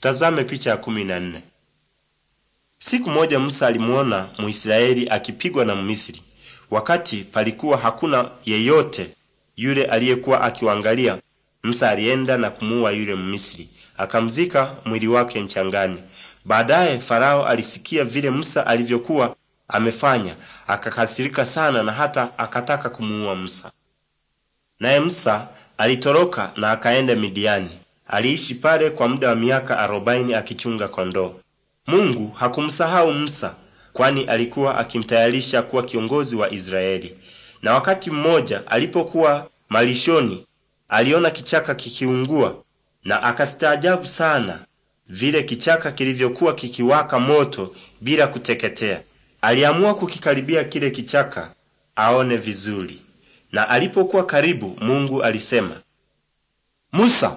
Tutazame picha ya kumi na nne. Siku moja Musa alimuona Muisraeli akipigwa na Mmisri, wakati palikuwa hakuna yeyote yule aliyekuwa akiwaangalia. Musa alienda na kumuua yule Mmisri, akamzika mwili wake mchangani. Baadaye Farao alisikia vile Musa alivyokuwa amefanya, akakasirika sana na hata akataka kumuua Musa. Naye Musa alitoroka na akaenda Midiani. Aliishi pale kwa muda wa miaka arobaini akichunga kondoo. Mungu hakumsahau Musa, kwani alikuwa akimtayarisha kuwa kiongozi wa Israeli. Na wakati mmoja alipokuwa malishoni, aliona kichaka kikiungua na akastaajabu sana vile kichaka kilivyokuwa kikiwaka moto bila kuteketea. Aliamua kukikaribia kile kichaka aone vizuri, na alipokuwa karibu, Mungu alisema, Musa,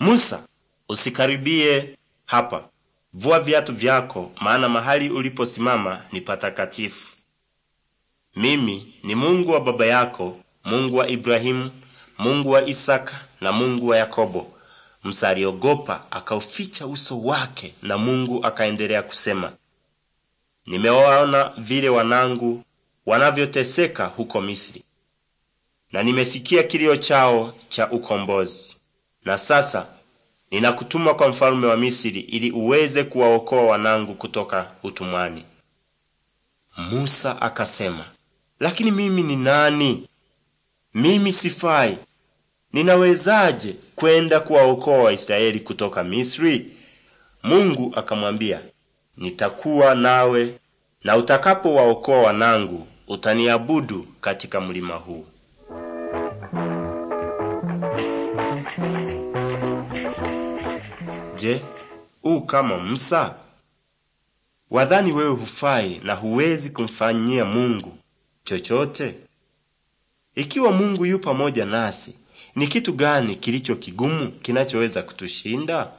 Musa, usikaribie hapa, vua viatu vyako, maana mahali uliposimama ni patakatifu. Mimi ni Mungu wa baba yako, Mungu wa Ibrahimu, Mungu wa Isaka na Mungu wa Yakobo. Musa aliogopa akauficha uso wake, na Mungu akaendelea kusema, nimewaona vile wanangu wanavyoteseka huko Misri, na nimesikia kilio chao cha ukombozi. Na sasa ninakutuma kwa mfalme wa Misri ili uweze kuwaokoa wanangu kutoka utumwani. Musa akasema, lakini mimi ni nani? Mimi sifai. Ninawezaje kwenda kuwaokoa Waisraeli kutoka Misri? Mungu akamwambia, nitakuwa nawe na utakapowaokoa wanangu utaniabudu katika mlima huu. Je, u kama Musa? Wadhani wewe hufai na huwezi kumfanyia Mungu chochote? Ikiwa Mungu yu pamoja nasi, ni kitu gani kilicho kigumu kinachoweza kutushinda?